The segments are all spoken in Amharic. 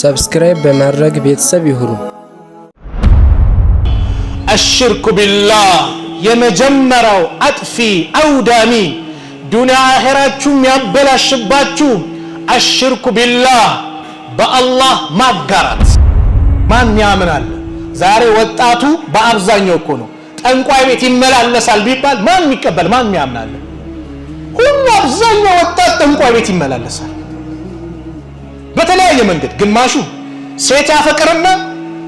ሰብስክራይብ በማድረግ ቤተሰብ ይሁኑ። አሽርኩ ቢላህ የመጀመሪያው አጥፊ አውዳሚ ዱንያ አኼራችሁ የሚያበላሽባችሁ አሽርኩ ቢላህ በአላህ ማጋራት። ማን ያምናል? ዛሬ ወጣቱ በአብዛኛው እኮ ነው ጠንቋይ ቤት ይመላለሳል ቢባል ማን ይቀበል? ማን ያምናል? ሁሉ አብዛኛው ወጣት ጠንቋይ ቤት ይመላለሳል። በተለያየ መንገድ ግማሹ ሴት ያፈቅርና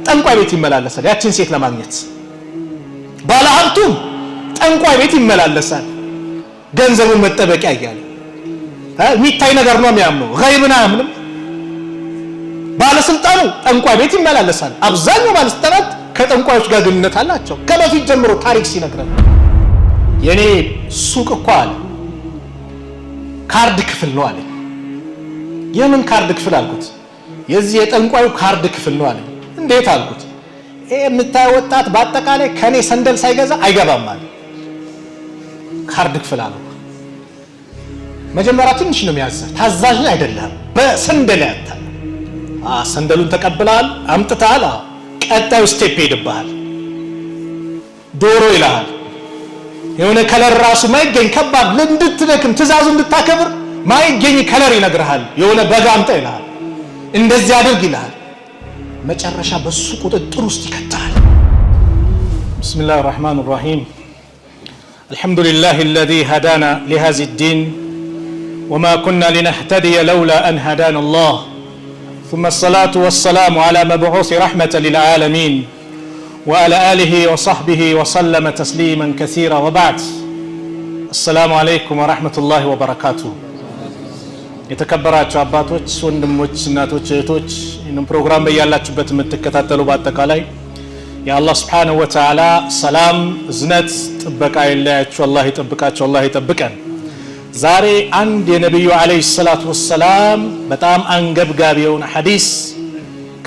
ጠንቋይ ቤት ይመላለሳል፣ ያችን ሴት ለማግኘት ባለሀብቱም ጠንቋይ ቤት ይመላለሳል፣ ገንዘቡን መጠበቂያ እያለ የሚታይ ነገር ነው የሚያምነው፣ ገይብን አያምንም። ባለስልጣኑ ጠንቋይ ቤት ይመላለሳል። አብዛኛው ባለስልጣናት ከጠንቋዮች ጋር ግንኙነት አላቸው። ከበፊት ጀምሮ ታሪክ ሲነግረን የኔ ሱቅ እኮ አለ ካርድ ክፍል ነው አለ የምን ካርድ ክፍል አልኩት። የዚህ የጠንቋዩ ካርድ ክፍል ነው አለ። እንዴት አልኩት። ይሄ የምታየው ወጣት በአጠቃላይ ከኔ ሰንደል ሳይገዛ አይገባም አለ። ካርድ ክፍል አለ። መጀመሪያ ትንሽ ነው የሚያዘ ታዛዥ አይደለም። በሰንደል አ ሰንደሉን ተቀብለሃል፣ አምጥተሃል። ቀጣዩ ስቴፕ ይሄድብሃል። ዶሮ ይልሃል። የሆነ ከለር ራሱ ማይገኝ ከባድ ለእንድትደክም ትእዛዙ እንድታከብር ማይገኝ ከለር ይነግርሃል። የሆነ በጋ አምጣ زيادة እንደዚህ ما ይልሃል። መጨረሻ በሱ ቁጥጥር ውስጥ بسم الله الرحمن الرحيم الحمد لله الذي هدانا لهذا الدين وما كنا لنهتدي لولا أن هدانا الله ثم الصلاة والسلام على مبعوث رحمة للعالمين وعلى آله وصحبه وسلم تسليما كثيرا وبعد السلام عليكم ورحمة الله وبركاته የተከበራቸው አባቶች፣ ወንድሞች፣ እናቶች፣ እህቶች ይህንም ፕሮግራም በያላችሁበት የምትከታተሉ በአጠቃላይ የአላህ ስብሓነሁ ወተዓላ ሰላም፣ እዝነት፣ ጥበቃ የለያችሁ። አላህ ይጠብቃቸው፣ አላህ ይጠብቀን። ዛሬ አንድ የነቢዩ ዓለይሂ ሰላቱ ወሰላም በጣም አንገብጋቢ የሆነ ሐዲስ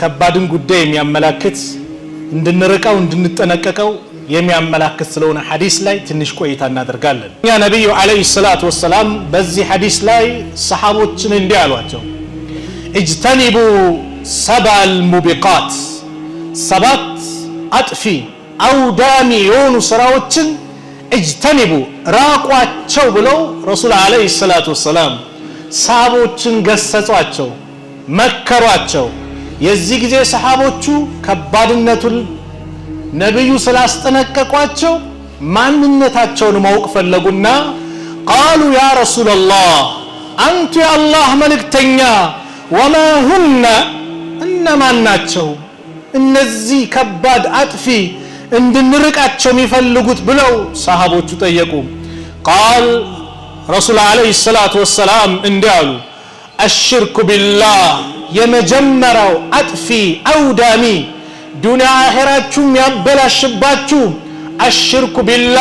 ከባድን ጉዳይ የሚያመላክት እንድንርቀው እንድንጠነቀቀው የሚያመላክት ስለሆነ ሐዲስ ላይ ትንሽ ቆይታ እናደርጋለን። እኛ ነቢዩ ዓለይሂ ሰላቱ ወሰላም በዚህ ሐዲስ ላይ ሰሓቦችን እንዲህ አሏቸው፣ እጅተኒቡ ሰባል ሙቢቃት፣ ሰባት አጥፊ አውዳሚ የሆኑ ስራዎችን እጅተኒቡ ራቋቸው ብለው ረሱል ዓለይሂ ሰላቱ ወሰላም ሰሓቦችን ገሰጿቸው፣ መከሯቸው። የዚህ ጊዜ ሰሓቦቹ ከባድነቱን ነቢዩ ስላስጠነቀቋቸው ማንነታቸውን ማወቅ ፈለጉና ቃሉ ያ ረሱላላህ አንቱ የአላህ መልእክተኛ ወማ ሁነ እነማን ናቸው እነዚህ ከባድ አጥፊ እንድንርቃቸው የሚፈልጉት ብለው ሰሃቦቹ ጠየቁ። ቃል ረሱል ዓለይሂ ሰላቱ ወሰላም እንዲህ አሉ፣ አሽርኩ ቢላህ የመጀመሪያው አጥፊ አውዳሚ ዱንያ አኸራችሁም ያበላሽባችሁ አሽርኩ ቢላ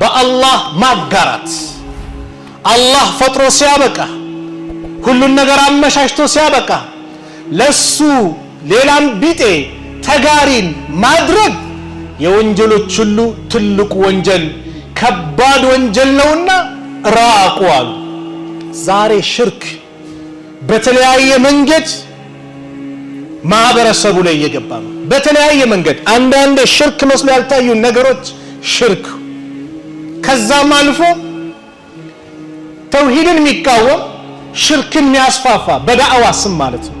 በአላህ ማጋራት። አላህ ፈጥሮ ሲያበቃ ሁሉን ነገር አመሻሽቶ ሲያበቃ ለሱ ሌላም ቢጤ ተጋሪን ማድረግ የወንጀሎች ሁሉ ትልቁ ወንጀል ከባድ ወንጀል ነውና ራቁ አሉ። ዛሬ ሽርክ በተለያየ መንገድ ማህበረሰቡ ላይ እየገባ ነው። በተለያየ መንገድ አንዳንድ ሽርክ መስሎ ያልታዩ ነገሮች ሽርክ፣ ከዛም አልፎ ተውሂድን የሚቃወም ሽርክን የሚያስፋፋ በዳዕዋ ስም ማለት ነው።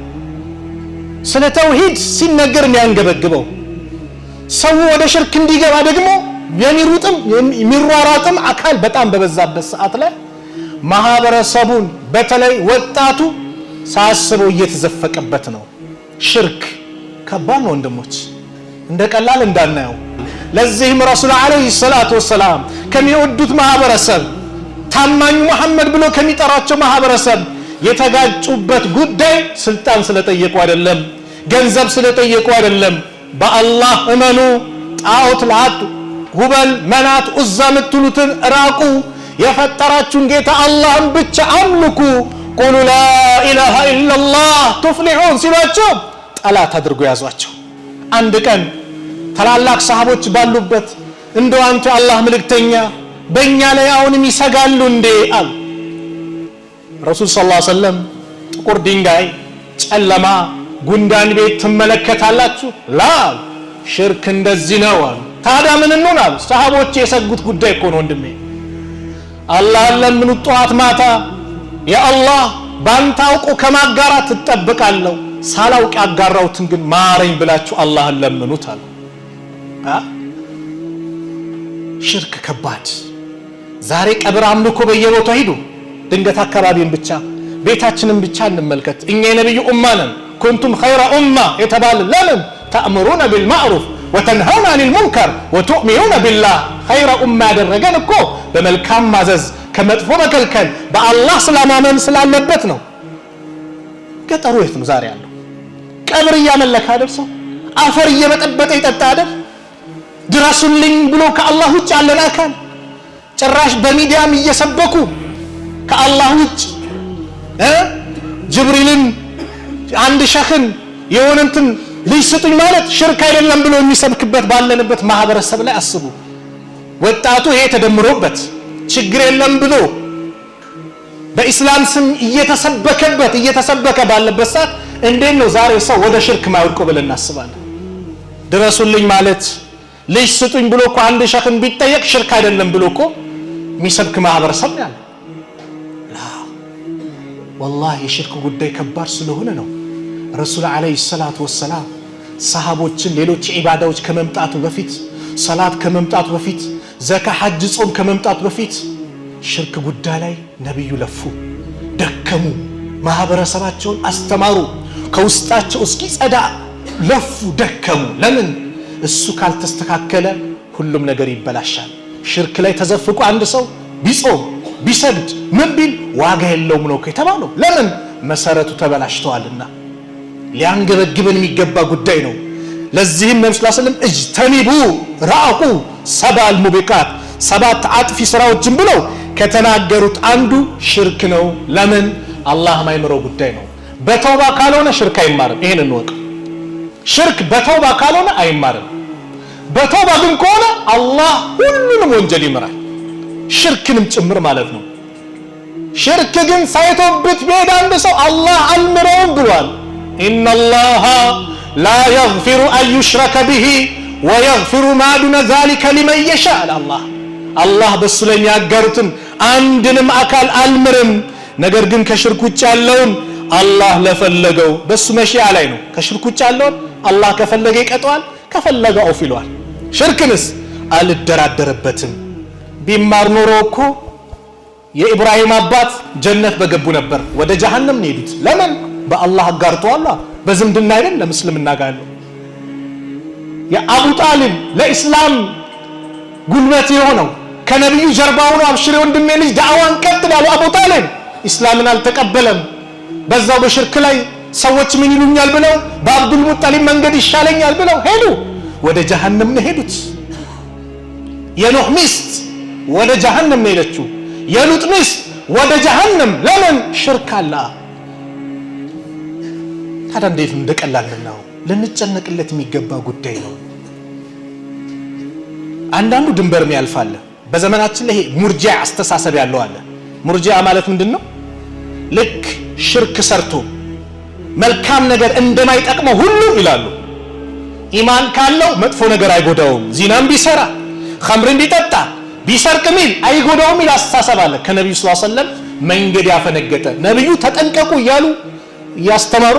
ስለ ተውሂድ ሲነገር የሚያንገበግበው ሰው ወደ ሽርክ እንዲገባ ደግሞ የሚሩጥም የሚሯሯጥም አካል በጣም በበዛበት ሰዓት ላይ ማህበረሰቡን በተለይ ወጣቱ ሳያስበው እየተዘፈቀበት ነው። ሽርክ ከባድ ነው ወንድሞች፣ እንደ ቀላል እንዳናየው። ለዚህም ረሱል ዓለይሂ ሰላቱ ወሰላም ከሚወዱት ማህበረሰብ ታማኙ መሐመድ ብሎ ከሚጠራቸው ማህበረሰብ የተጋጩበት ጉዳይ ስልጣን ስለጠየቁ አይደለም፣ ገንዘብ ስለጠየቁ አይደለም። በአላህ እመኑ፣ ጣዖት ላጡ፣ ሁበል፣ መናት፣ ኡዛ የምትሉትን ራቁ፣ የፈጠራችሁን ጌታ አላህን ብቻ አምልኩ፣ ቁሉ ላኢላሃ ኢላላህ ቱፍሊሑን ሲሏቸው ጠላት አድርጎ ያዟቸው። አንድ ቀን ታላላቅ ሰሃቦች ባሉበት እንደው አንተ አላህ ምልክተኛ በእኛ ላይ አሁንም ይሰጋሉ እንዴ አሉ። ረሱል ሰለላሁ ዐለይሂ ወሰለም ጥቁር ድንጋይ፣ ጨለማ፣ ጉንዳን ቤት ትመለከታላችሁ ላ ሽርክ እንደዚህ ነው አሉ። ታዲያ ምን እንሆን አሉ ሰሃቦች። የሰጉት ጉዳይ እኮ ነው ወንድሜ። አላህን ለምኑት ጠዋት ማታ። ያ አላህ አውቆ ከማጋራት ትጠብቃለሁ ሳላውቅ ያጋራሁትን ግን ማረኝ ብላችሁ አላህን ለምኑት አለ። ሽርክ ከባድ። ዛሬ ቀብር አምልኮ በየቦታው ሂዱ። ድንገት አካባቢን ብቻ ቤታችንን ብቻ እንመልከት። እኛ የነቢዩ ኡማ ነን፣ ኩንቱም ኸይረ ኡማ የተባለ ለምን ተእምሩነ ቢልማዕሩፍ ወተንሃውነ አኒል ሙንከር ወቱእሚኑነ ቢላህ። ኸይረ ኡማ ያደረገን እኮ በመልካም ማዘዝ ከመጥፎ መከልከል በአላህ ስላማመን ስላለበት ነው። ገጠሩ የት ነው ዛሬ ያለው? ቀብር እያመለከ አይደል? ሰው አፈር እየበጠበጠ ይጠጣ አይደል? ድረሱልኝ ብሎ ከአላህ ውጭ ያለን አካል ጭራሽ በሚዲያም እየሰበኩ ከአላህ ውጭ ጅብሪልን አንድ ሸክን የሆነንትን ልጅ ስጡኝ ማለት ሽርክ አይደለም ብሎ የሚሰብክበት ባለንበት ማህበረሰብ ላይ አስቡ። ወጣቱ ይሄ ተደምሮበት ችግር የለም ብሎ በኢስላም ስም እየተሰበከበት እየተሰበከ ባለበት ሰዓት እንዴት ነው ዛሬ ሰው ወደ ሽርክ ማይወድቀው ብለን እናስባለን? ድረሱልኝ ማለት ልጅ ስጡኝ ብሎ እኮ አንድ ሸክም ቢጠየቅ ሽርክ አይደለም ብሎ እኮ የሚሰብክ ማህበረሰብ ያለ ወላሂ የሽርክ ጉዳይ ከባድ ስለሆነ ነው ረሱል ዓለይሂ ሰላቱ ወሰላም ሰሃቦችን ሌሎች ኢባዳዎች ከመምጣቱ በፊት ሰላት ከመምጣቱ በፊት ዘካ፣ ሐጅ፣ ጾም ከመምጣቱ በፊት ሽርክ ጉዳይ ላይ ነቢዩ ለፉ፣ ደከሙ። ማህበረሰባቸውን አስተማሩ። ከውስጣቸው እስኪ ጸዳ ለፉ፣ ደከሙ። ለምን እሱ ካልተስተካከለ ሁሉም ነገር ይበላሻል። ሽርክ ላይ ተዘፍቆ አንድ ሰው ቢጾም ቢሰግድ ምን ቢል ዋጋ የለውም ነው የተባለው። ለምን መሰረቱ ተበላሽተዋልና ሊያንገበግበን የሚገባ ጉዳይ ነው። ለዚህም ነብዩ ሰለላሁ ዐለይሂ ወሰለም እጅተኒቡ ራቁ ሰባል ሙቢቃት ሰባት አጥፊ ስራዎችን ብለው ከተናገሩት አንዱ ሽርክ ነው። ለምን አላህ ማይምረው ጉዳይ ነው። በተውባ ካልሆነ ሽርክ አይማርም። ይሄን እንወቅ። ሽርክ በተውባ ካልሆነ አይማርም። በተውባ ግን ከሆነ አላህ ሁሉንም ወንጀል ይምራል፣ ሽርክንም ጭምር ማለት ነው። ሽርክ ግን ሳይቶብት ቢሄድ አንድ ሰው አላህ አልምረውም ብሏል። ኢነላሃ ላ የግፊሩ አን ዩሽረከ ቢሂ ወየግፊሩ ማ ዱነ ዛሊከ ሊመን የሻእ አላህ አላህ በሱ ላይ የሚያጋሩትን አንድንም አካል አልምርም ነገር ግን ከሽርክ ውጭ ያለውን አላህ ለፈለገው በሱ መሺያ ላይ ነው። ከሽርክ ውጭ ያለውን አላህ ከፈለገ ይቀጠዋል፣ ከፈለገ አውፍ ይለዋል። ሽርክንስ አልደራደርበትም። ቢማር ኖሮ እኮ የኢብራሂም አባት ጀነት በገቡ ነበር። ወደ ጀሃነም ነው የሄዱት። ለምን? በአላህ አጋርተዋል። በዝምድና አይደል? ለምስልምና ጋር ያለው የአቡ ጣሊብ ለኢስላም ጉልበት የሆነው ከነቢዩ ጀርባ ሆኖ አብሽሬ ወንድሜ ልጅ ዳዕዋን ቀጥል አቡ ጣሊብ ኢስላምን አልተቀበለም። በዛው በሽርክ ላይ ሰዎች ምን ይሉኛል ብለው በአብዱል ሙጠሊብ መንገድ ይሻለኛል ብለው ሄዱ። ወደ ጀሀነም ነው ሄዱት። የኖህ ሚስት ወደ ጀሀነም ነው ሄደችው። የሉጥ ሚስት ወደ ጀሀነም ለምን? ሽርክ አለ። ታዲያ እንዴት እንደቀላል ነው! ልንጨነቅለት የሚገባ ጉዳይ ነው። አንዳንዱ ድንበር ያልፋል። በዘመናችን ላይ ሙርጂያ አስተሳሰብ ያለው አለ። ሙርጂያ ማለት ምንድን ነው? ልክ ሽርክ ሰርቶ መልካም ነገር እንደማይጠቅመው ሁሉ ይላሉ። ኢማን ካለው መጥፎ ነገር አይጎዳውም። ዚናም ቢሰራ ከምርን ቢጠጣ ቢሰርቅ ሚል አይጎዳውም ይል አስተሳሰብ አለ። ከነቢዩ ስ ሰለም መንገድ ያፈነገጠ ነቢዩ ተጠንቀቁ እያሉ እያስተማሩ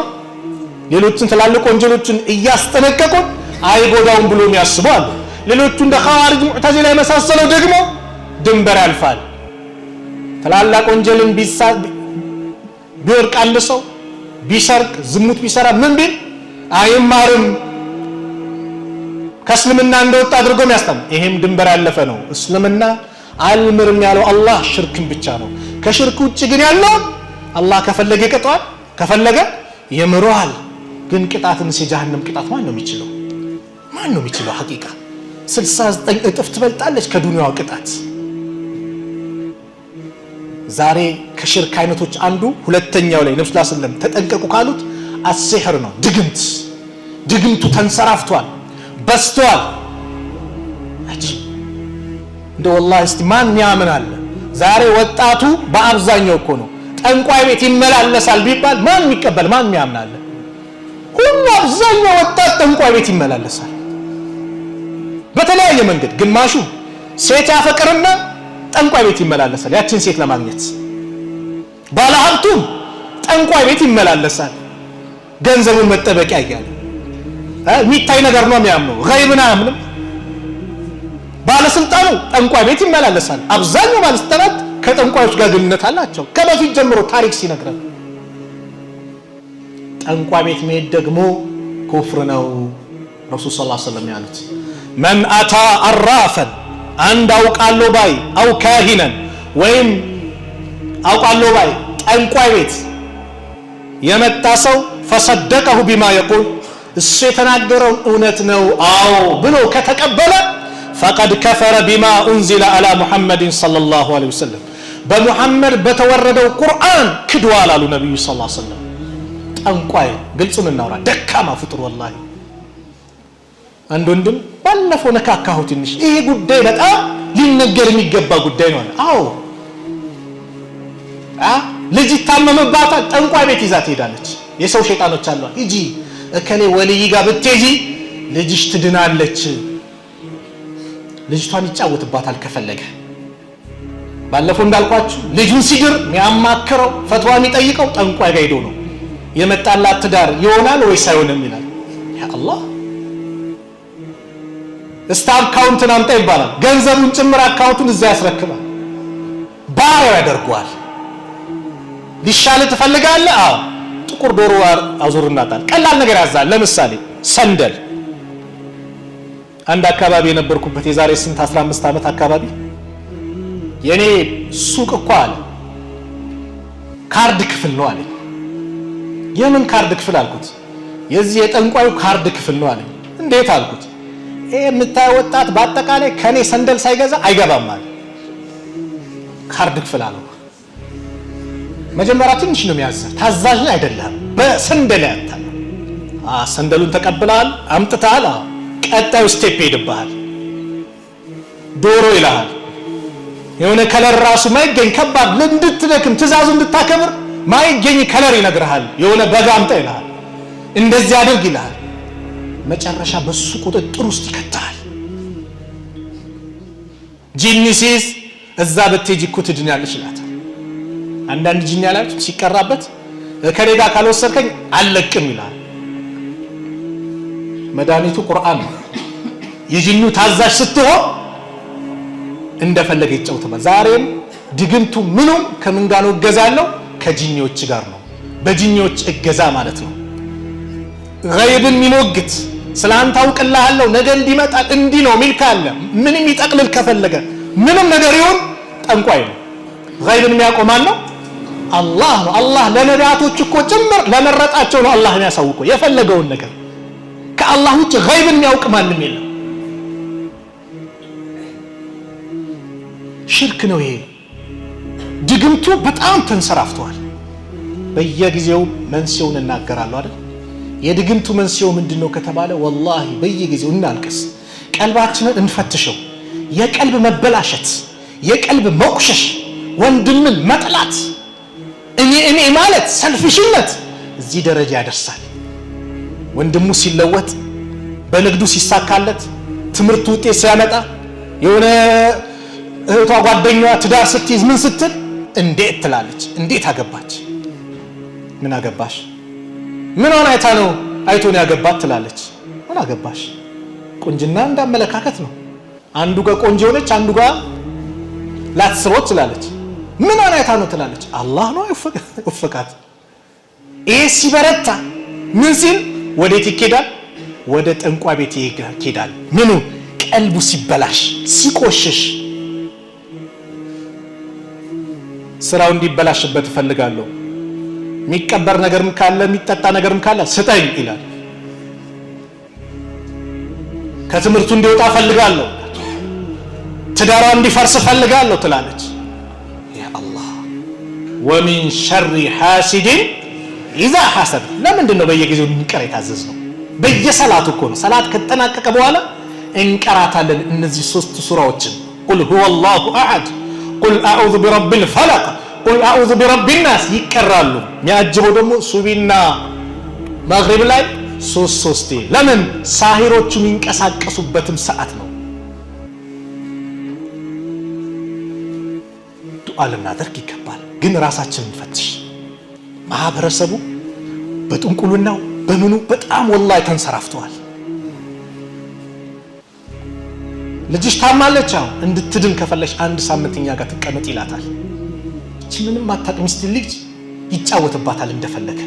ሌሎችን ትላልቅ ወንጀሎችን እያስጠነቀቁ አይጎዳውም ብሎ የሚያስቡ አሉ። ሌሎቹ እንደ ኸዋሪጅ ሙዕተዚላ የመሳሰለው ደግሞ ድንበር ያልፋል ትላላቅ ወንጀልን ቢወርቅ አንድ ሰው ቢሰርቅ፣ ዝሙት ቢሰራ፣ ምን ቢል አይማርም ከእስልምና እንደወጣ አድርጎም ያስታም። ይሄም ድንበር ያለፈ ነው። እስልምና አልምርም ያለው አላህ ሽርክን ብቻ ነው። ከሽርክ ውጭ ግን ያለው አላህ ከፈለገ ይቀጣዋል፣ ከፈለገ ይምረዋል። ግን ቅጣትን የጀሃነም ቅጣት ማን ነው የሚችለው? ማን ነው የሚችለው? ሐቂቃ 69 እጥፍ ትበልጣለች ከዱንያዋ ቅጣት። ዛሬ ከሽርክ አይነቶች አንዱ ሁለተኛው ላይ ነብዩ ሰለላሁ ተጠንቀቁ ካሉት አስሕር ነው። ድግምት ድግምቱ ተንሰራፍቷል፣ በስቷል። እንደ ወላሂ እስቲ ማን ያምናል? ዛሬ ወጣቱ በአብዛኛው እኮ ነው ጠንቋይ ቤት ይመላለሳል ቢባል ማን የሚቀበል ማን ያምናል? ሁሉ አብዛኛው ወጣት ጠንቋይ ቤት ይመላለሳል በተለያየ መንገድ። ግማሹ ሴት ያፈቅርና ጠንቋይ ቤት ይመላለሳል ያችን ሴት ለማግኘት። ባለሀብቱም ጠንቋይ ቤት ይመላለሳል ገንዘቡን መጠበቂያ እያለ የሚታይ ነገር ነው የሚያምነው፣ ገይብን አያምንም። ባለስልጣኑ ጠንቋይ ቤት ይመላለሳል። አብዛኛው ባለስልጣናት ከጠንቋዮች ጋር ግንኙነት አላቸው። ከበፊት ጀምሮ ታሪክ ሲነግረን ጠንቋይ ቤት መሄድ ደግሞ ኩፍር ነው። ረሱል ሰለላሁ ዐለይሂ ወሰለም ያሉት መን አታ አራፈን አንድ አውቃለሁ ባይ አው ካሂነን ወይም አውቃለሁ ባይ ጠንቋይ ቤት የመጣ ሰው ፈሰደቀሁ ቢማ የቁል እሱ የተናገረው እውነት ነው አዎ ብሎ ከተቀበለ ፈቀድ ከፈረ ቢማ ኡንዚለ አላ ሙሐመድን ሰለላሁ ዐለይሂ ወሰለም በሙሐመድ በተወረደው ቁርአን ክድዋል አሉ ነቢዩ ስ ሰለም ጠንቋይ ግልጹን እናውራ ደካማ ፍጡር ወላሂ አንድ ወንድም ባለፈው ነካካሁ ትንሽ ይሄ ጉዳይ በጣም ሊነገር የሚገባ ጉዳይ ነው አዎ ልጅ ይታመምባታል፣ ጠንቋይ ቤት ይዛ ትሄዳለች። የሰው ሸይጣኖች አሉ። ሂጂ እከሌ ወልይ ጋር ብትሄጂ ልጅሽ ትድናለች። ልጅቷን ይጫወትባታል ከፈለገ። ባለፈው እንዳልኳችሁ ልጁን ሲድር የሚያማክረው ፈትዋ የሚጠይቀው ጠንቋይ ጋር ሄዶ ነው። የመጣላት ትዳር ይሆናል ወይስ አይሆንም ይላል። ያ አላህ እስታ አካውንትን አምጣ ይባላል። ገንዘቡን ጭምር አካውንቱን እዛ ያስረክባል። ባሪያው ያደርገዋል። ሊሻል ትፈልጋለህ? አዎ ጥቁር ዶሮ አዙርና ጣል። ቀላል ነገር ያዛል። ለምሳሌ ሰንደል። አንድ አካባቢ የነበርኩበት የዛሬ ስንት 15 ዓመት አካባቢ የኔ ሱቅ እኮ አለ ካርድ ክፍል ነው አለኝ። የምን ካርድ ክፍል አልኩት። የዚህ የጠንቋዩ ካርድ ክፍል ነው አለኝ። እንዴት አልኩት ይሄ የምታየው ወጣት በአጠቃላይ ከኔ ሰንደል ሳይገዛ አይገባም አለ። ካርድ ክፍል አለው። መጀመሪያ ትንሽ ነው የሚያዘ ታዛዥ አይደለም። በሰንደል ያታል። ሰንደሉን ተቀብላል፣ አምጥታል። ቀጣዩ ስቴፕ ይሄድብሃል። ዶሮ ይልሃል። የሆነ ከለር ራሱ ማይገኝ ከባድ እንድትደክም ትእዛዙ እንድታከብር ማይገኝ ከለር ይነግርሃል። የሆነ በጋ አምጣ ይልሃል። እንደዚህ አድርግ ይልሃል። መጨረሻ በሱ ቁጥጥር ውስጥ ይከታል። ጂኒ ሲይዝ እዛ ብትሄጂ እኮ ትድኛለሽ እላታል። አንዳንድ ጂኒ ያላችሁ ሲቀራበት ከኔ ጋር ካልወሰድከኝ አልለቅም ይላል። መድኃኒቱ ቁርአን ነው። የጂኒው ታዛዥ ስትሆን እንደፈለገ ይጫውትባል። ዛሬም ድግምቱ ምኑም ከምን ጋር ነው እገዛ ያለው ከጂኒዎች ጋር ነው፣ በጂኒዎች እገዛ ማለት ነው። ገይብን የሚሞግት ስለ አንተ አውቅልሃለሁ ነገ እንዲመጣል እንዲህ ነው ሚል ካለ ምንም ይጠቅልል ከፈለገ ምንም ነገር ይሁን ጠንቋይ ነው። ገይብን የሚያቆማል ነው? አላህ ነው። አላህ ለነዳቶች እኮ ጭምር ለመረጣቸው ነው አላህ የሚያሳውቀው የፈለገውን ነገር። ከአላህ ውጭ ገይብን የሚያውቅ ማንም የለም። ሽርክ ነው ይሄ። ድግምቱ በጣም ተንሰራፍተዋል። በየጊዜው መንስኤውን እናገራለሁ አይደል የድግምቱ መንስኤው ምንድን ነው ከተባለ ወላሂ በየጊዜው እናልቅስ፣ ቀልባችንን እንፈትሸው። የቀልብ መበላሸት፣ የቀልብ መቁሸሽ፣ ወንድምን መጥላት፣ እኔ እኔ ማለት ሰልፊሽነት እዚህ ደረጃ ያደርሳል። ወንድሙ ሲለወጥ፣ በንግዱ ሲሳካለት፣ ትምህርቱ ውጤት ሲያመጣ፣ የሆነ እህቷ ጓደኛዋ ትዳር ስትይዝ ምን ስትል እንዴት ትላለች? እንዴት አገባች? ምን አገባሽ? ምኗን አይታ ነው አይቶን ያገባት ትላለች። ምን አገባሽ? ቁንጅና እንዳመለካከት ነው። አንዱ ጋር ቆንጆ የሆነች አንዱ ጋር ላትስበው ትላለች። ምኗን አይታ ነው ትላለች። አላህ ነው ወፈቃት። ይሄ ሲበረታ ምን ሲል ወዴት ይኬዳል? ወደ ጠንቋ ቤት ይኬዳል። ምኑ ቀልቡ ሲበላሽ ሲቆሽሽ ስራው እንዲበላሽበት እፈልጋለሁ። የሚቀበር ነገርም ካለ የሚጠጣ ነገርም ካለ ስጠኝ ይላል። ከትምህርቱ እንዲወጣ ፈልጋለሁ፣ ትዳሯ እንዲፈርስ ፈልጋለሁ ትላለች። ያአላህ ወሚን ሸሪ ሐሲድን ኢዛ ሐሰድ። ለምንድን ነው በየጊዜው እንቀር የታዘዝ ነው? በየሰላት እኮ ነው። ሰላት ከተጠናቀቀ በኋላ እንቀራታለን እነዚህ ሶስት ሱራዎችን ቁል ሁወ አላሁ አሐድ ቁል አዑዙ ቢረቢል ፈለቅ ቁል አዑዙ ቢረቢናስ ይቀራሉ። የሚያጅበው ደግሞ ሱቢና መግሪብ ላይ ሶስት ሶስቴ። ለምን ሳሂሮቹ የሚንቀሳቀሱበትም ሰዓት ነው። ዱዓ ልናደርግ ይገባል። ግን ራሳችን እንፈትሽ። ማህበረሰቡ በጥንቁልናው በምኑ በጣም ወላሂ ተንሰራፍተዋል። ልጅሽ ታማለች፣ እንድትድን ከፈለሽ አንድ ሳምንት እኛ ጋር ትቀመጥ ይላታል። እቺ ምንም አታውቅም ስትል ልጅ ይጫወትባታል እንደፈለገ።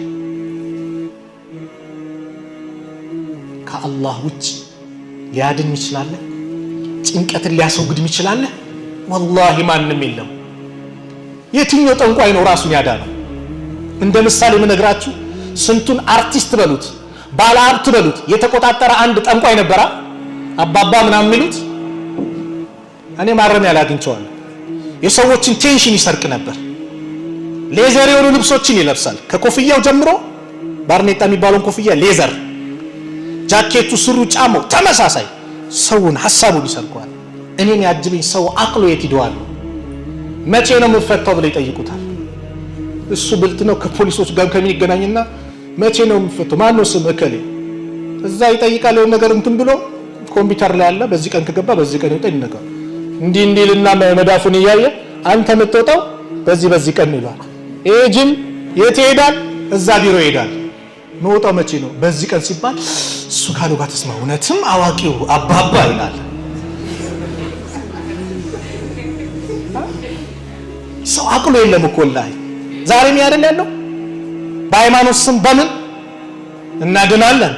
ከአላህ ውጭ ሊያድን ይችላለህ? ጭንቀትን ሊያስወግድም ይችላለህ? ወላሂ ማንም የለም። የትኛው ጠንቋይ ነው ራሱን ነው እንደ ምሳሌ የምነግራችሁ ስንቱን አርቲስት በሉት ባለ ሀብት በሉት የተቆጣጠረ አንድ ጠንቋይ ነበራ፣ አባባ ምናምን የሚሉት እኔ ማረሚያ ላይ አግኝቼዋለሁ። የሰዎችን ቴንሽን ይሰርቅ ነበር። ሌዘር የሆኑ ልብሶችን ይለብሳል። ከኮፍያው ጀምሮ ባርኔጣ የሚባለውን ኮፍያ ሌዘር፣ ጃኬቱ፣ ስሩ፣ ጫማው ተመሳሳይ። ሰውን ሀሳቡን ይሰርቀዋል። እኔን ያጅልኝ ሰው አቅሎ የት ይደዋል? መቼ ነው የምፈታው ብለው ይጠይቁታል። እሱ ብልጥ ነው። ከፖሊሶች ጋር ከምን ይገናኝና መቼ ነው የምፈታው? ማን ነው ስም እከሌ? እዛ ይጠይቃል። የሆነ ነገር እንትን ብሎ ኮምፒውተር ላይ አለ። በዚህ ቀን ከገባ በዚህ ቀን ይውጣ ይነገር እንዲህ እንዲልና መዳፉን እያየ አንተ የምትወጣው በዚህ በዚህ ቀን ይሏል። ይሄ ጅን የት ይሄዳል? እዛ ቢሮ ይሄዳል። መውጣው መቼ ነው? በዚህ ቀን ሲባል እሱ ካሉ ጋር ተስማ እውነትም አዋቂው አባባ ይላል። ሰው አቅሎ የለም እኮ ላይ ዛሬም ያደል ያለው በሃይማኖት ስም በምን እናድናለን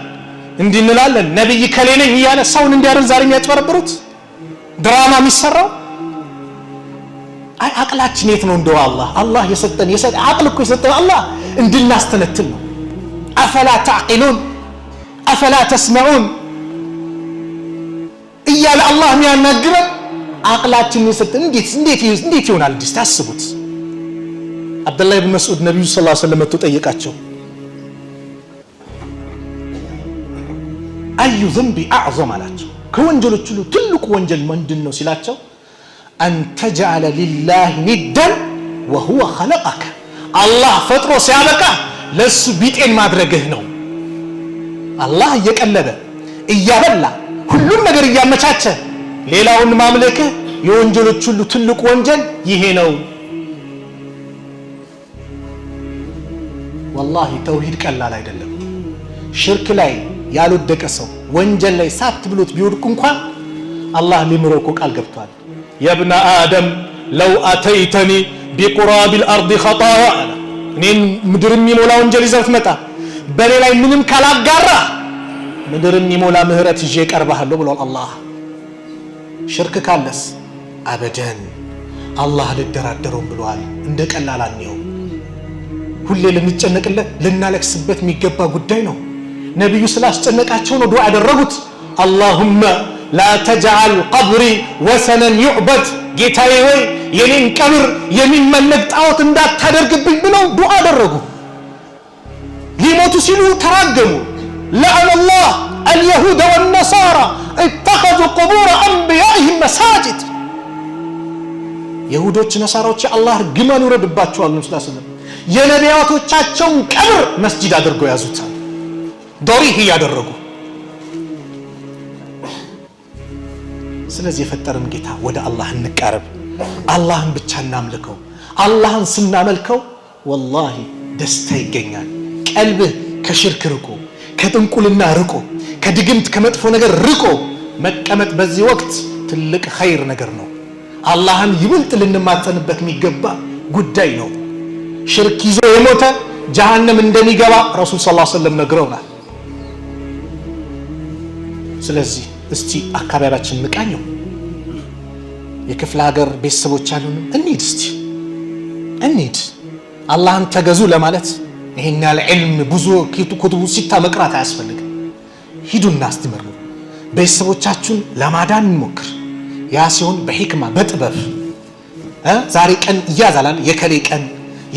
እንድንላለን ነብይ ከሌለኝ እያለ ሰውን እንዲያደል ዛሬም ያጭበረብሩት ድራማ የሚሰራው አይ አቅላችን የት ነው እንደው አላህ አላህ የሰጠን የሰጠ አቅል እኮ የሰጠን አላህ እንድናስተነትን ነው። አፈላ ተዕቂሉን አፈላ ተስመዑን እያለ አላህ የሚያናግረን አቅላችን የሰጠን እንዴት ይሆናል? ዲስ ታስቡት። አብደላህ ብን መስዑድ ነቢዩ ስ ሰለም መጥቶ ጠየቃቸው። አዩ ዘንቢ አዕዘም አላቸው። ከወንጀሎች ሁሉ ትልቁ ወንጀል ምንድን ነው ሲላቸው አንተጃለ ሊላህ ኒደን ወሁወ ኸለቀከ አላህ ፈጥሮ ሲያበቃ ለእሱ ቢጤን ማድረግህ ነው። አላህ እየቀለበ እያበላ ሁሉም ነገር እያመቻቸ ሌላውን ማምለክህ የወንጀሎች ሁሉ ትልቁ ወንጀል ይሄ ነው። ወላሂ ተውሂድ ቀላል አይደለም። ሽርክ ላይ ያልወደቀ ሰው ወንጀል ላይ ሳት ብሎት ቢወድቁ እንኳን አላህ ሊምረው እኮ ቃል ገብቷል። የብነ አደም ለው አተይተኒ ቢቁራቢል አርድ ኸጣያ እኔን ምድር የሚሞላ ወንጀል ይዘርት መጣ በእኔ ላይ ምንም ካላጋራ ምድር የሚሞላ ምህረት ይዤ እቀርብሃለሁ ብሏል አላህ። ሽርክ ካለስ አበደን አላህ ልደራደረውም ብሏል እንደ ቀላል አንየው፣ ሁሌ ልንጨነቅለት ልናለቅስበት የሚገባ ጉዳይ ነው። ነቢዩ ስላስጨነቃቸው ነው ዱዓ ያደረጉት አላሁመ ላተጅዓል ቀብሪ ወሰነን ዩዕበድ ጌታዬ ወይ የኔን ቀብር የሚመለክ ጣዖት እንዳታደርግብኝ ብለው ዱዓ አደረጉ። ሊሞቱ ሲሉ ተራገሙ። ለዐነ አልየሁድ ወነሳራ እተኸዙ ቁቡረ አንቢያኢህም መሳጅድ። የሁዶች ነሳራዎች የአላህ እርግማን ይውረድባቸዋል። ነቢ ስ ስለም የነቢያቶቻቸውን ቀብር መስጂድ አድርገው ያዙታል። ዶሪህ እያደረጉ ስለዚህ የፈጠረን ጌታ ወደ አላህ እንቃረብ፣ አላህን ብቻ እናምልከው። አላህን ስናመልከው ወላሂ ደስታ ይገኛል። ቀልብህ ከሽርክ ርቆ፣ ከጥንቁልና ርቆ፣ ከድግምት ከመጥፎ ነገር ርቆ መቀመጥ በዚህ ወቅት ትልቅ ኸይር ነገር ነው። አላህን ይበልጥ ልንማጸንበት የሚገባ ጉዳይ ነው። ሽርክ ይዞ የሞተ ጀሃነም እንደሚገባ ረሱል ሰለላሁ ዐለይሂ ወሰለም ነግረውናል። ስለዚህ እስቲ አካባቢያችን ንቃኘው። የክፍለ ሀገር ቤተሰቦች አሉን፣ እንሂድ እስቲ እንሂድ። አላህን ተገዙ ለማለት ይሄን ያለ ዕልም ብዙ ኩቱቡ ሲታ መቅራት አያስፈልግም። ሂዱና እስቲ መርሙ፣ ቤተሰቦቻችሁን ለማዳን እንሞክር። ያ ሲሆን በሂክማ በጥበብ ዛሬ ቀን እያዛላል የከሌ ቀን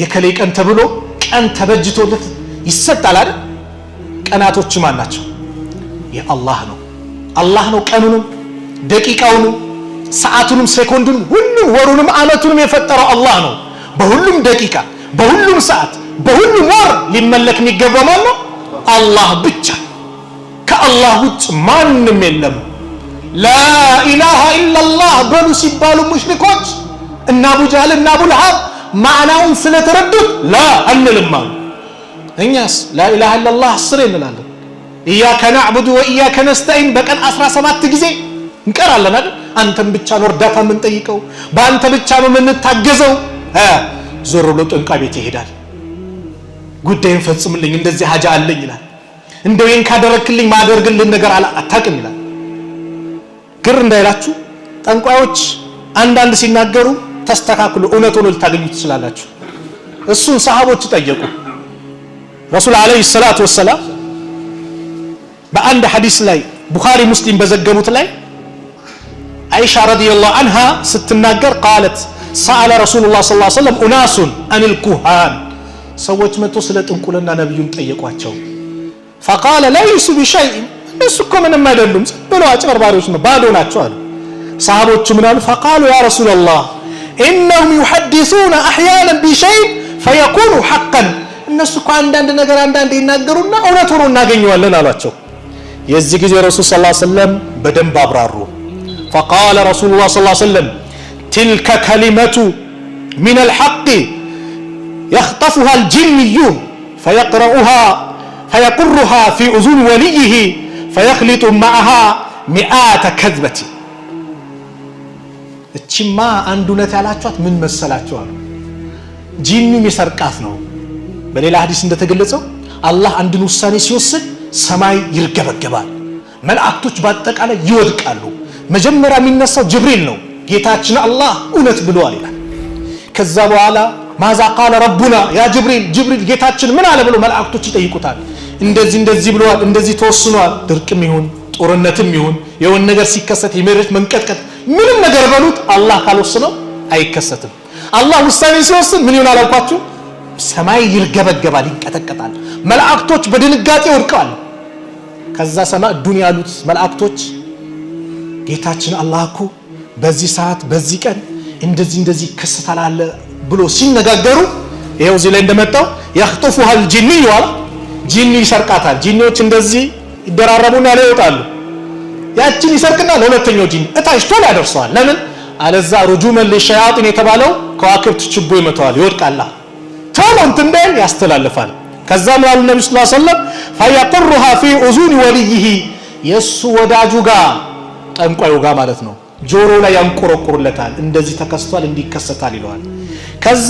የከሌ ቀን ተብሎ ቀን ተበጅቶለት ይሰጣል አይደል? ቀናቶች ማን ናቸው? የአላህ ነው። አላህ ነው ቀኑንም ደቂቃውንም ሰዓቱንም ሴኮንዱንም ሁሉም ወሩንም ዓመቱንም የፈጠረው አላህ ነው። በሁሉም ደቂቃ በሁሉም ሰዓት በሁሉም ወር ሊመለክ የሚገባው ማን ነው? አላህ ብቻ። ከአላህ ውጭ ማንም የለም። ላኢላሃ ኢላላህ በሉ ሲባሉ ሙሽሪኮች እና አቡጃህል እና አቡልሃብ ማዕናውን ስለተረዱት ላ አንልም አሉ። እኛስ ላኢላሃ ኢላላህ አስር እንላለን ኢያከ ናዕቡዱ ወኢያከ ነስተዒን በቀን 17 ጊዜ እንቀራለን አይደል? አንተን ብቻ ነው እርዳታ የምንጠይቀው፣ በአንተ ብቻ ነው የምንታገዘው። ዞር ብሎ ጠንቋ ቤት ይሄዳል። ጉዳይን ፈጽምልኝ፣ እንደዚህ ሀጃ አለኝ ይላል። እንደው ይህን ካደረክልኝ ማደርግልን ነገር አታቅም ይላል። ግር እንዳይላችሁ ጠንቋዮች አንዳንድ ሲናገሩ ተስተካክሎ እውነት ሆኖ ልታገኙ ትችላላችሁ። እሱን ሰሃቦች ጠየቁ ረሱል አለይሂ ሰላቱ ወሰላም በአንድ ሐዲስ ላይ ቡኻሪ ሙስሊም በዘገቡት ላይ አይሻ ረዲየላሁ አንሃ ስትናገር ቃለት ሰአለ ረሱሉላህ ሰለላሁ ዐለይሂ ወሰለም ኡናሱን አኒል ኩሃን ሰዎች መጥቶ ስለ ጥንቁልና ነብዩን ጠየቋቸው። ፈቃለ ለይሱ ቢሸይእ እነሱ እኮ ምንም አይደሉም፣ ዝም ብለው አጭበርባሪዎች ነው ባዶ ናቸው አሉ። ሰሃቦቹ ምን አሉ? ፈቃሉ ያ ረሱለላህ ኢነሁም ዩሐዲሱነ አሕያናን ቢሸይእ ፈየኩኑ ሐቀን እነሱ እኮ አንዳንድ ነገር አንዳንድ ይናገሩና እውነት ሆኖ እናገኘዋለን አሏቸው። የዚህ ጊዜ ረሱል ስ ሰለም በደንብ አብራሩ። ፈቃለ ረሱሉላህ ስ ሰለም ትልከ ከሊመቱ ሚን አልሐቅ የኽጠፉሃ አልጅንዩ ፈየቅረኡሃ ፈየቁሩሃ ፊ ኡዙን ወልይህ ፈየኽሊጡ ማአሃ ሚአተ ከዝበት። እቺማ አንድ እውነት ያላችኋት ምን መሰላችሁ አሉ። ጂኒም የሰርቃት ነው። በሌላ ሀዲስ እንደተገለጸው አላህ አንድን ውሳኔ ሲወስድ ሰማይ ይርገበገባል፣ መላእክቶች በአጠቃላይ ይወድቃሉ። መጀመሪያ የሚነሳው ጅብሪል ነው። ጌታችን አላህ እውነት ብሏል ይላል። ከዛ በኋላ ማዛ ቃለ ረቡና ያ ጅብሪል ጅብሪል ጌታችን ምን አለ ብሎ መላእክቶች ይጠይቁታል። እንደዚህ እንደዚህ ብለዋል፣ እንደዚህ ተወስኗል። ድርቅም ይሁን ጦርነትም ይሁን የሆን ነገር ሲከሰት የመሬት መንቀጥቀጥ ምንም ነገር በሉት አላህ ካልወስነው አይከሰትም። አላህ ውሳኔ ሲወስን ምን ይሆናል አልኳችሁ? ሰማይ ይርገበገባል፣ ይንቀጠቀጣል። መላእክቶች በድንጋጤ ወድቀዋል። ከዛ ሰማ ዱን ያሉት መላእክቶች ጌታችን አላህ እኮ በዚህ ሰዓት በዚህ ቀን እንደዚህ እንደዚህ ይከሰታል ብሎ ሲነጋገሩ ይሄው እዚህ ላይ እንደመጣው ያክጡፉሃል ጂኒ ይዋል ጂኒ ይሰርቃታል። ጂኒዎች እንደዚህ ይደራረቡና ላይ ይወጣሉ። ያችን ይሰርቅና ለሁለተኛው ጂኒ እታሽ ቶሎ ያደርሰዋል። ለምን አለዛ ሩጁመን ሊሸያጢን የተባለው ከዋክብት ችቦ ይመተዋል፣ ይወድቃላ ቶሎ እንትን ያስተላልፋል። ከዛ ምን አሉ ነብዩ ሰለላሁ ዐለይሂ ወሰለም ፈየቁሩሃ ፊ ኡዙኒ ወልይሂ የሱ ወዳጁ ጋር ጠንቋዩ ጋር ማለት ነው ጆሮ ላይ ያንቆረቁሩለታል። እንደዚህ ተከስቷል፣ እንዲህ ይለዋል። ከዛ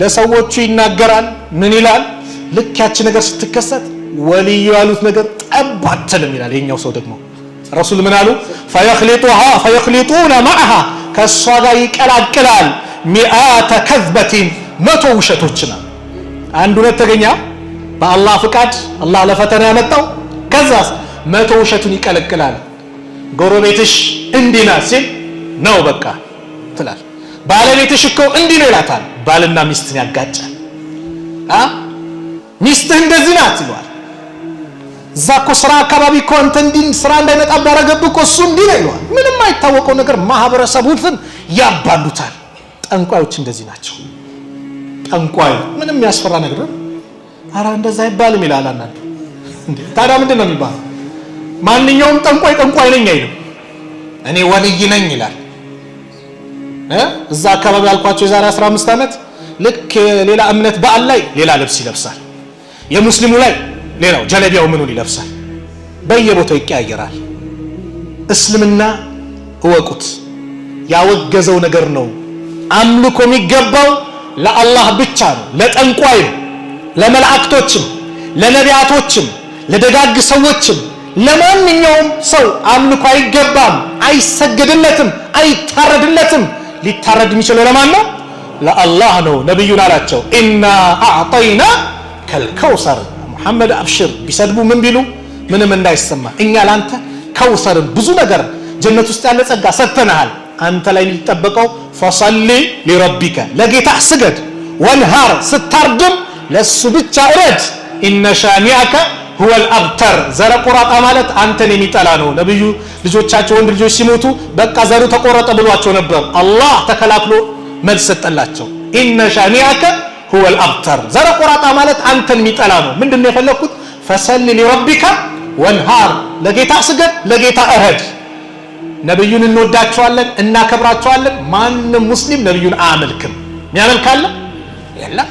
ለሰዎቹ ይናገራል። ምን ይላል? ልክ ያቺ ነገር ስትከሰት ወልዩ ያሉት ነገር ጠብ አትልም ይላል። የኛው ሰው ደግሞ ረሱል ምን አሉ? ፈየኽሊጡነ ማዕሃ ከእሷ ጋር ይቀላቅላል ሚአተ ከዝበቲን መቶ ውሸቶች አንድ ሁለት ተገኛ በአላህ ፍቃድ አላህ ለፈተና ያመጣው። ከዛስ መቶ ውሸቱን ይቀለቅላል። ጎረቤትሽ እንዲህ ናት ሲል ነው በቃ ትላል። ባለቤትሽ እኮ እንዲህ ነው ይላታል። ባልና ሚስትን ያጋጫል። ሚስትህ እንደዚህ ናት ይለዋል። እዛ እኮ ስራ አካባቢ እኮ አንተ እንዲህ ስራ እንዳይመጣ ባረገብ እኮ እሱ እንዲህ ነው ይለዋል። ምንም አይታወቀው ነገር ማህበረሰቡን ያባሉታል። ጠንቋዮች እንደዚህ ናቸው። ጠንቋይ ምንም የሚያስፈራ ነገር አረ እንደዛ አይባልም ይላል አንዳንዱ። ታዲያ ምንድን ነው የሚባለው? ማንኛውም ጠንቋይ ጠንቋይ ነኝ አይልም፣ እኔ ወልይ ነኝ ይላል። እዛ አካባቢ ያልኳቸው የዛሬ 15 ዓመት ልክ ሌላ እምነት በዓል ላይ ሌላ ልብስ ይለብሳል፣ የሙስሊሙ ላይ ሌላው ጀለቢያው ምኑን ይለብሳል። በየቦታው ይቀያየራል። እስልምና እወቁት፣ ያወገዘው ነገር ነው አምልኮ የሚገባው ለአላህ ብቻ ነው። ለጠንቋይም፣ ለመላእክቶችም፣ ለነቢያቶችም፣ ለደጋግ ሰዎችም ለማንኛውም ሰው አምልኮ አይገባም፣ አይሰገድለትም፣ አይታረድለትም። ሊታረድ የሚችለው ለማን ነው? ለአላህ ነው። ነቢዩን አላቸው ኢና አዕጠይና ከልከውሰር ሙሐመድ አብሽር። ቢሰድቡ ምን ቢሉ ምንም እንዳይሰማ እኛ ላንተ ከውሰርን ብዙ ነገር ጀነት ውስጥ ያለ ጸጋ ሰጥተንሃል አንተ ላይ የሚጠበቀው ፈሰሊ ሊረቢከ ለጌታ ስገድ፣ ወንሃር ስታርድም ለሱ ብቻ እረድ። ኢነ ሻኒአከ ሁወል አብተር። ዘረ ቆራጣ ማለት አንተን የሚጠላ ነው። ነብዩ ልጆቻቸው ወንድ ልጆች ሲሞቱ በቃ ዘሩ ተቆረጠ ብሏቸው ነበር። አላህ ተከላክሎ መልስ ሰጠላቸው። ኢነ ሻኒአከ ሁወል አብተር። ዘረ ቆራጣ ማለት አንተን የሚጠላ ነው። ምንድን ነው የፈለኩት? ፈሰሊ ሊረቢከ ወንሃር፣ ለጌታ ስገድ፣ ለጌታ እረድ። ነብዩን እንወዳቸዋለን፣ እናከብራቸዋለን። ማንም ሙስሊም ነብዩን አያመልክም። የሚያመልካለ የለም።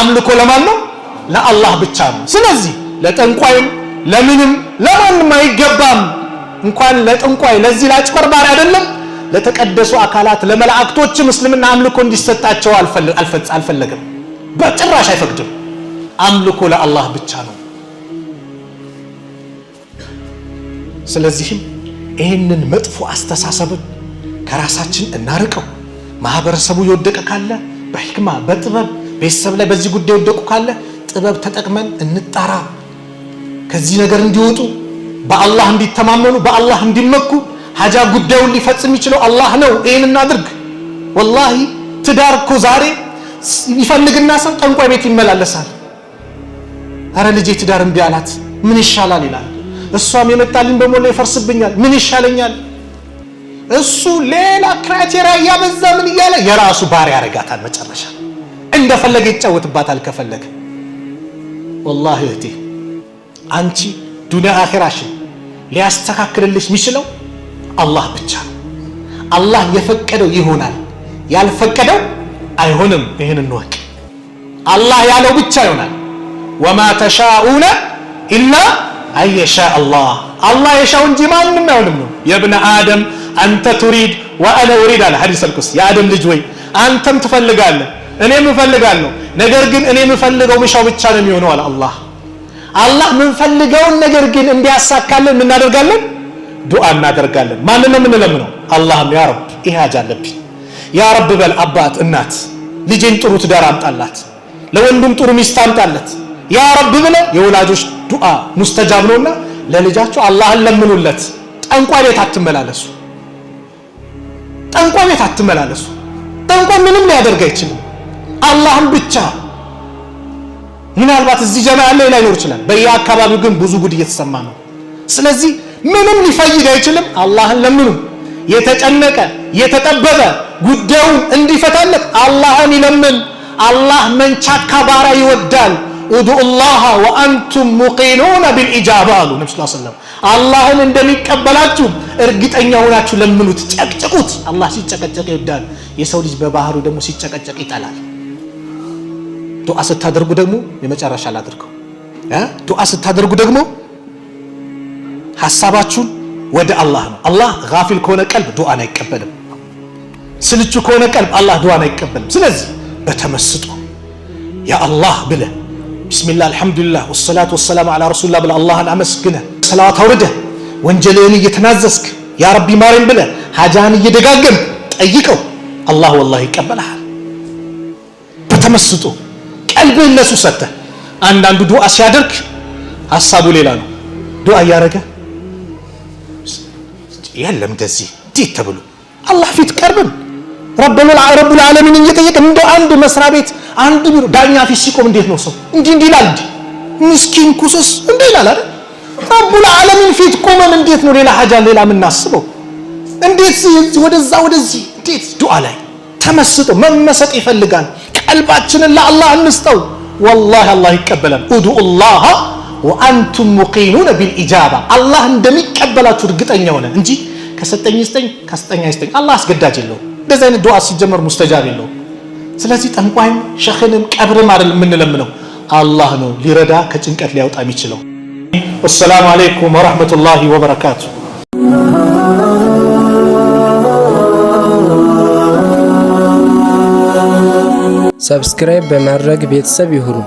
አምልኮ ለማን ነው? ለአላህ ብቻ ነው። ስለዚህ ለጠንቋይም ለምንም ለማንም አይገባም። እንኳን ለጥንቋይ ለዚህ ለአጭበርባሪ አይደለም ለተቀደሱ አካላት ለመላእክቶችም እስልምና አምልኮ እንዲሰጣቸው አልፈለግም። በጭራሽ አይፈቅድም። አምልኮ ለአላህ ብቻ ነው። ስለዚህም ይህንን መጥፎ አስተሳሰብን ከራሳችን እናርቀው። ማህበረሰቡ የወደቀ ካለ በሕክማ በጥበብ ቤተሰብ ላይ በዚህ ጉዳይ የወደቁ ካለ ጥበብ ተጠቅመን እንጣራ። ከዚህ ነገር እንዲወጡ በአላህ እንዲተማመኑ በአላህ እንዲመኩ ሀጃ ጉዳዩን ሊፈጽም ይችለው አላህ ነው። ይህን እናድርግ። ወላሂ ትዳር እኮ ዛሬ ይፈልግና ሰው ጠንቋይ ቤት ይመላለሳል። አረ ልጄ ትዳር እምቢ አላት ምን ይሻላል ይላል። እሷም የመጣልኝ በሞላ ይፈርስብኛል፣ ምን ይሻለኛል? እሱ ሌላ ክራይቴሪያ እያበዛ ምን እያለ የራሱ ባሪያ ያደርጋታል መጨረሻ እንደፈለገ ይጫወትባታል ከፈለገ። ወላሂ እህቴ አንቺ ዱንያ አኺራሽን ሊያስተካክልልሽ የሚችለው አላህ ብቻ ነው። አላህ የፈቀደው ይሆናል፣ ያልፈቀደው አይሆንም። ይህን እንወቅ። አላህ ያለው ብቻ ይሆናል። ወማ ተሻኡነ ኢላ አየሻ አላህ አላህ የሻው እንጂ ማንም አይሆንም ነው። የብነ አደም አንተ ቱሪድ ወአነ ኡሪድ አለ ሐዲስ አልቁስ የአደም ልጅ ወይ አንተም ትፈልጋለህ እኔም እፈልጋለሁ። ነገር ግን እኔ የምፈልገው ምሻው ብቻ ነው የሚሆነው አለ አላህ። አላህ የምንፈልገውን ነገር ግን እንዲያሳካልን ምን እናደርጋለን? ዱዓ እናደርጋለን። ማንን ነው የምንለምነው? አላህም ያ ረብ ይሄ አለብኝ፣ ያ ረብ በል አባት እናት ልጄን ጥሩ ትዳር አምጣላት፣ ለወንዱም ጥሩ ሚስት አምጣለት፣ ያ ረብ ብለህ የወላጆች ዱዓ ሙስተጃብ ነውና ለልጃችሁ አላህን ለምኑለት። ጠንቋይ ቤት አትመላለሱ። ጠንቋይ ቤት አትመላለሱ። ጠንቋይ ምንም ሊያደርግ አይችልም። አላህን ብቻ ምናልባት እዚህ ጀማ ያለ ላይኖር ይችላል። በየአካባቢው ግን ብዙ ጉድ እየተሰማ ነው። ስለዚህ ምንም ሊፈይድ አይችልም። አላህን ለምኑ። የተጨነቀ የተጠበበ ጉዳዩን እንዲፈታለት አላህን ይለምን። አላህ መንቻካ ባራ ይወዳል። ኡዱኡላህ ወአንቱም ሙቂኑነ ቢልኢጃባ አሉ ነቢ ስ ሰለም አላህን እንደሚቀበላችሁ እርግጠኛ ሆናችሁ ለምኑት፣ ጨቅጭቁት። አላህ ሲጨቀጨቅ ይወዳል። የሰው ልጅ በባህሩ ደግሞ ሲጨቀጨቅ ይጠላል። ዱዓ ስታደርጉ ደግሞ የመጨረሻ ላድርገው፣ ዱዓ ስታደርጉ ደግሞ ሀሳባችሁን ወደ አላህ ነው። አላህ ጋፊል ከሆነ ቀልብ ዱዓን አይቀበልም። ስልቹ ከሆነ ቀልብ አላህ ዱዓን አይቀበልም። ስለዚህ በተመስጦ ያ አላህ ብለህ ቢስሚላህ አልሐምዱሊላህ ወሰላቱ ወሰላም አላ ረሱላ ብለህ አላህን አመስግነህ ሰላዋት አውርደህ ወንጀልህን እየተናዘዝክ ያ ረቢ ማረኝ ብለህ ሀጃህን እየደጋገም ጠይቀው፣ አላህ ወላሂ ይቀበልሃል። በተመስጦ ቀልብህን ለሱ ሰጥተህ። አንዳንዱ ዱዓ ሲያደርግ ሀሳቡ ሌላ ነው። ዱዓ እያደረገ የለም እንደዚህ እንዴት ተብሎ አላህ ፊት ቀርብን ረቡል ዓለሚን እየጠየቅ እንደ አንድ መስሪያ ቤት አንድ ቢሮ ዳኛ ፊት ሲቆም እንዴት ነው ሰው እንዲህ እንዲህ ይላል? ምስኪን ኩሱስ እንዲህ ይላል አይደል? ረቡል ዓለሚን ፊት ቆመን እንዴት ነው ሌላ ሀጃን ሌላ የምናስበው? እንዴት ወደዛ ወደዚህ እንዴት ዱዓ ላይ ተመስጦ መመሰጥ ይፈልጋል። ቀልባችንን ለአላህ እንስጠው። ወላሂ አላህ ይቀበላል። ኡድኡ ወአንቱም ሙቂኑነ ቢልኢጃባ አላህ እንደሚቀበላችሁ እርግጠኛ ሆነ እንጂ ከሰጠኝ ይስጠኝ ከሰጠኝ አይስጠኝ አላህ አስገዳጅ የለውም። እንደዚህ አይነት ዱዓ ሲጀመር ሙስተጃብ የለው። ስለዚህ ጠንቋይም ሸኽንም ቀብርም አይደል የምንለምነው፣ አላህ ነው ሊረዳ ከጭንቀት ሊያወጣ የሚችለው። ወሰላሙ አለይኩም ወረህመቱላሂ ወበረካቱ። ሰብስክራይብ በማድረግ ቤተሰብ ይሁኑ።